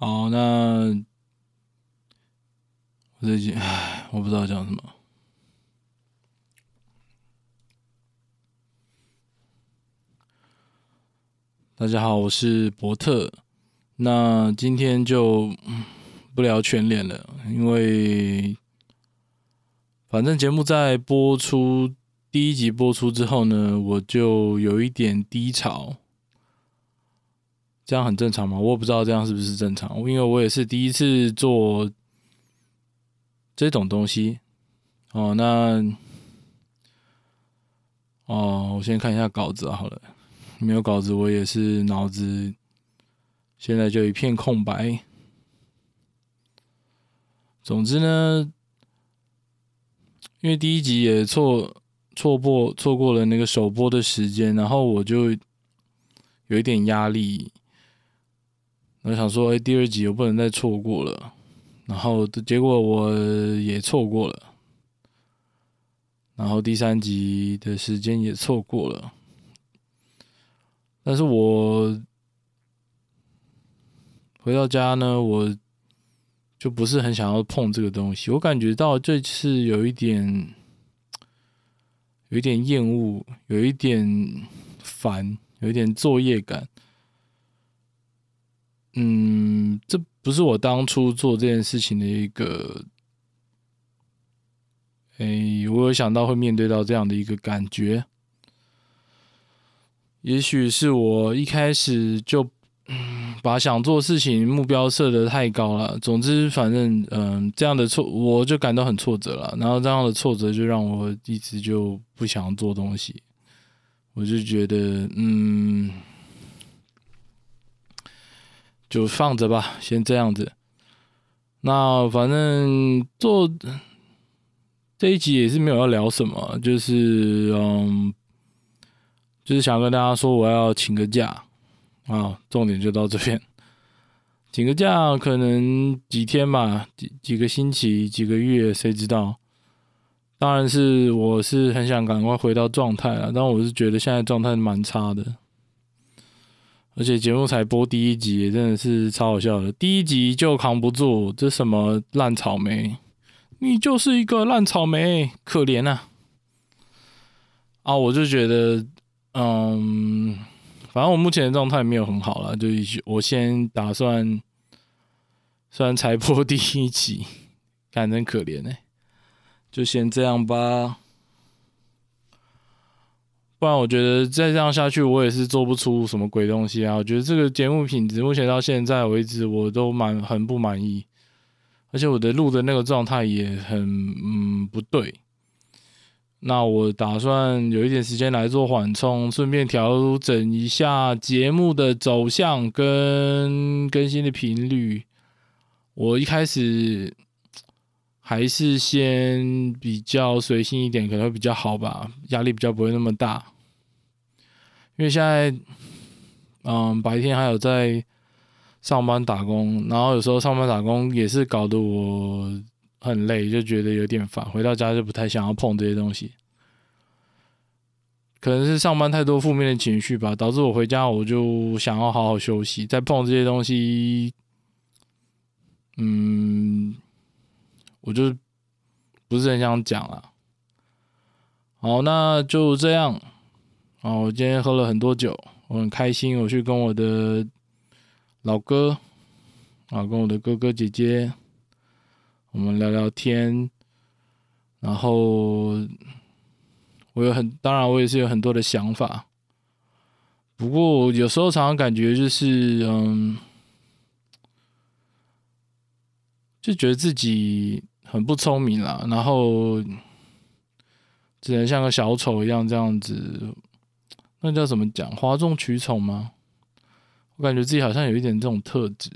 好，那我最近哎，我不知道講什麼。大家好，我是博特。那今天就不聊全聯了，因為反正節目在播出第一集播出之後呢，我就有一點低潮。這樣很正常嗎？我也不知道這樣是不是正常，因為我也是第一次做這種東西。哦，那哦，我先看一下稿子啊。好了，沒有稿子，我也是腦子現在就一片空白。總之呢，因為第一集也錯錯過錯過了那個首播的時間，然後我就有一點壓力。我想說，哎，第二集我不能再錯過了，然後結果我也錯過了，然後第三集的時間也錯過了。但是我回到家呢，我就不是很想要碰這個東西。我感覺到這次有一點，有一點厭惡，有一點煩，有一點作業感。嗯，這不是我當初做這件事情的一個，哎、欸，我有想到會面對到這樣的一個感覺。也許是我一開始就，嗯、把想做事情目標設得太高了。總之，反正嗯，這樣的錯，我就感到很挫折了。然後這樣的挫折就讓我一直就不想做東西。我就覺得，嗯。就放着吧，先這樣子。那反正做這一集也是沒有要聊什麼，就是嗯，就是想跟大家說我要請個假，啊，重點就到這邊。請個假可能幾天吧，幾幾個星期、幾個月，誰知道？當然是我是很想趕快回到狀態啊，但我是覺得現在狀態蠻差的。而且節目才播第一集，真的是超好笑的。第一集就扛不住，這什麼爛草莓，你就是一個爛草莓，可憐啊。啊，我就覺得，嗯，反正我目前的狀態沒有很好啦，就我先打算，雖然才播第一集，真可憐呢，就先這樣吧。不然我覺得再這樣下去，我也是做不出什麼鬼東西啊！我覺得這個節目品質目前到現在為止，我都蠻很不滿意，而且我的錄的那個狀態也很嗯不對。那我打算有一點時間來做緩衝，順便調整一下節目的走向跟更新的頻率。我一開始。還是先比較隨性一點，可能會比較好吧，壓力比較不會那麼大。因為現在，嗯，白天還有在上班打工，然後有時候上班打工也是搞得我很累，就覺得有點煩，回到家就不太想要碰這些東西。可能是上班太多負面的情緒吧，導致我回家我就想要好好休息，再碰這些東西，嗯。我就不是很想講了。好，那就這樣，啊。哦，我今天喝了很多酒，我很開心。我去跟我的老哥啊，跟我的哥哥姐姐，我們聊聊天。然後我有很，當然我也是有很多的想法。不過有時候常常感覺就是，嗯，就覺得自己。很不聰明啦，然後只能像個小丑一樣這樣子，那叫什麼講？嘩眾取寵嗎？我感覺自己好像有一點這種特質，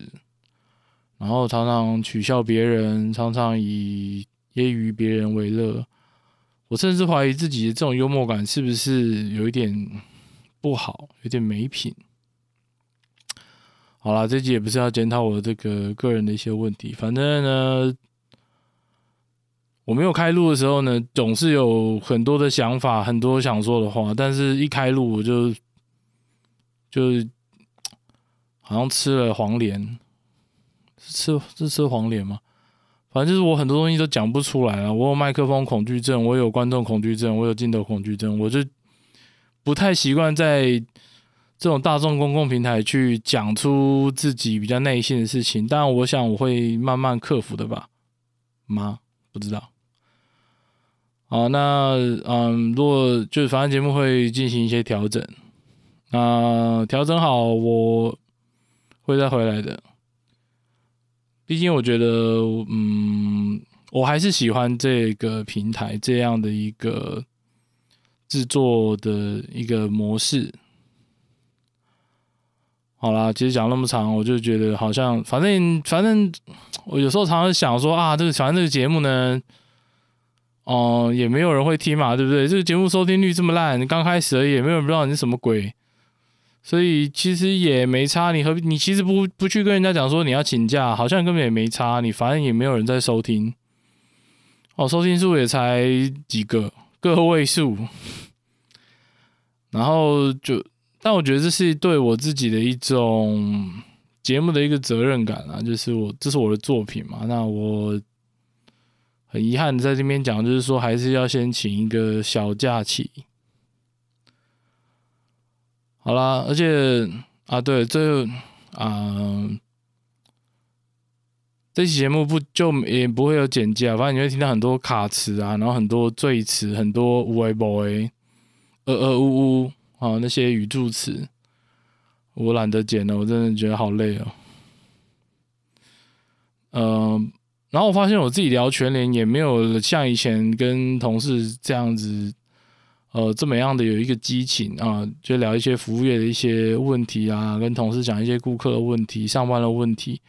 然後常常取笑別人，常常以揶揄別人為樂。我甚至懷疑自己的這種幽默感是不是有一點不好，有點沒品。好啦，這集也不是要檢討我這個個人的一些問題，反正呢。我沒有開錄的時候呢，總是有很多的想法，很多想說的話。但是一開錄，我就就好像吃了黃連，是吃是吃黃連嗎？反正就是我很多東西都講不出來了。我有麥克風恐懼症，我有觀眾恐懼症，我有鏡頭恐懼症，我就不太習慣在這種大眾公共平台去講出自己比較內心的事情。但我想我會慢慢克服的吧？媽。不知道，好、啊，那嗯如果就是反正節目會進行一些調整，那、啊、調整好，我會再回來的。畢竟我覺得，嗯，我還是喜歡這個平台這樣的一個製作的一個模式。好啦，其實講那麼長，我就覺得好像，反正反正，我有時候常常想說啊，這個反正這個節目呢，哦、呃，也沒有人會聽嘛，對不對？這個節目收聽率這麼爛，剛開始而已，沒有人不知道你是什麼鬼，所以其實也沒差，你何必？你其實不不去跟人家講說你要請假，好像根本也沒差，你反正也沒有人在收聽，哦，收聽數也才幾個個位數， 然後就。但我覺得這是對我自己的一種節目的一個責任感啊，就是我這是我的作品嘛，那我很遺憾在這邊講，就是說還是要先請一個小假期，好啦，而且啊對，對這啊這期節目不就也不會有剪輯啊，反正你會聽到很多卡詞啊，然後很多贅詞，很多無謂無謂，呃呃嗚嗚。啊，那些語助詞，我懶得剪了，我真的覺得好累哦。呃，然後我發現我自己聊全聯也沒有像以前跟同事這樣子，呃，這麼樣的有一個激情啊，就聊一些服務業的一些問題啊，跟同事講一些顧客的問題、上班的問題。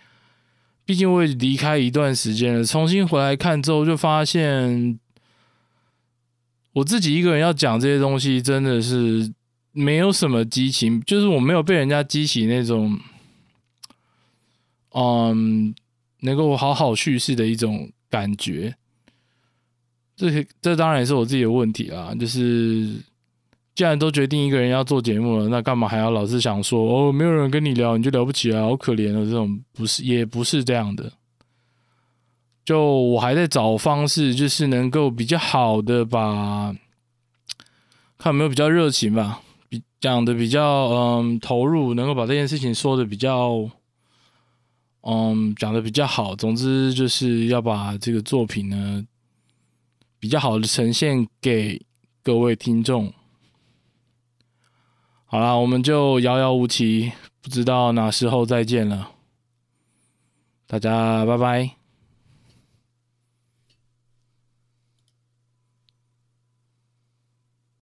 畢竟我也離開一段時間了，重新回來看之後，就發現我自己一個人要講這些東西，真的是。沒有什麼激情，就是我沒有被人家激起那種，嗯，能夠好好敘事的一種感覺。這這當然也是我自己的問題啦，就是既然都決定一個人要做節目了，那幹嘛還要老是想說哦，沒有人跟你聊你就聊不起來，好可憐的這種，不是，也不是這樣的。就我還在找方式，就是能夠比較好的把，看有沒有比較熱情吧。講的比較嗯投入，能夠把這件事情說的比較嗯講的比較好。總之就是要把這個作品呢比較好的呈現給各位聽眾。好啦，我們就遙遙無期，不知道哪時候再見了。大家拜拜。